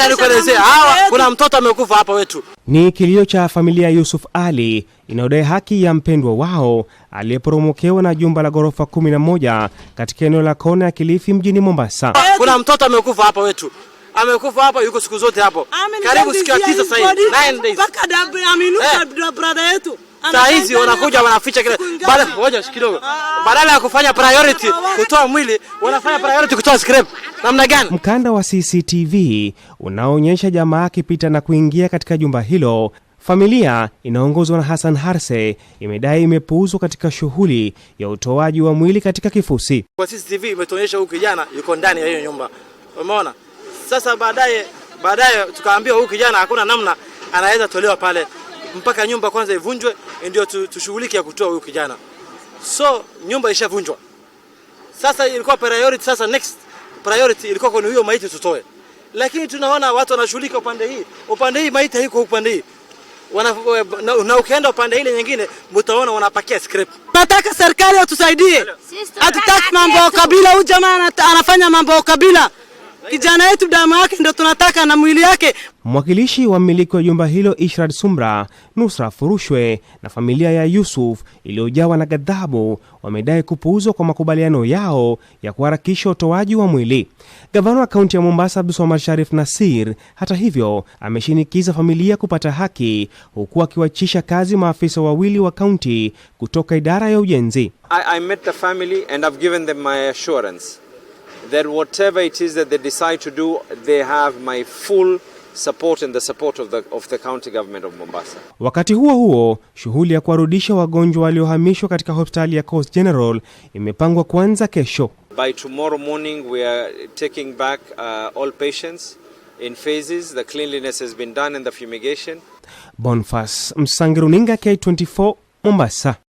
Acha nikuelezee, hawa kuna mtoto amekufa hapa wetu. Ni kilio cha familia Yusuf Ali inayodai haki ya mpendwa wao aliyeporomokewa na jumba la ghorofa 11 katika eneo la kona ya Kilifi mjini Mombasa. Kuna mtoto amekufa hapa wetu. Amekufa hapa, yuko siku zote hapo. Karibu siku ya tisa sasa hivi. 9 yaani days. Mpaka eh. brother yetu saa hizi wanakuja wanaficha kile, baada ngoja kidogo, ah, ah. badala ya kufanya priority kutoa mwili wanafanya priority kutoa scrap. Namna gani? Mkanda wa CCTV unaonyesha jamaa akipita na kuingia katika jumba hilo. Familia inaongozwa na Hassan Harse imedai imepuuzwa katika shughuli ya utoaji wa mwili katika kifusi. Kwa CCTV imetuonyesha huyu kijana yuko ndani ya hiyo nyumba, umeona. Sasa baadaye baadaye tukaambiwa huyu kijana hakuna namna anaweza tolewa pale mpaka nyumba kwanza ivunjwe eh, ndio tushughulike ya kutoa huyu kijana. So nyumba ishavunjwa, sasa ilikuwa priority, sasa next priority ilikuwa kwa huyo maiti tutoe, lakini tunaona watu wanashughulika upande hii, upande hii maiti haiko upande hii Wana, eh, na, na ukienda upande ile nyingine mtaona wanapakia script. Nataka serikali atusaidie, hatutaki mambo ya kabila. Huyu jamaa anafanya mambo ya kabila kijana yetu damu yake ndio tunataka na mwili yake. Mwakilishi wa mmiliki wa jumba hilo Ishrad Sumra, Nusra Furushwe na familia ya Yusuf iliyojawa na ghadhabu wamedai kupuuzwa kwa makubaliano yao ya kuharakisha utoaji wa mwili. Gavana wa kaunti ya Mombasa Abdulswamad Sharif Nasir, hata hivyo, ameshinikiza familia kupata haki, huku akiwachisha kazi maafisa wawili wa kaunti kutoka idara ya ujenzi. I, I met the family and I've given them my assurance that whatever it is that they decide to do, they have my full support and the support of the, of the county government of Mombasa. Wakati huo huo, shughuli ya kuwarudisha wagonjwa waliohamishwa katika hospitali ya Coast General imepangwa kuanza kesho. By tomorrow morning we are taking back uh, all patients in phases. The cleanliness has been done and the fumigation. Bonfas Msangi, Runinga K24, Mombasa.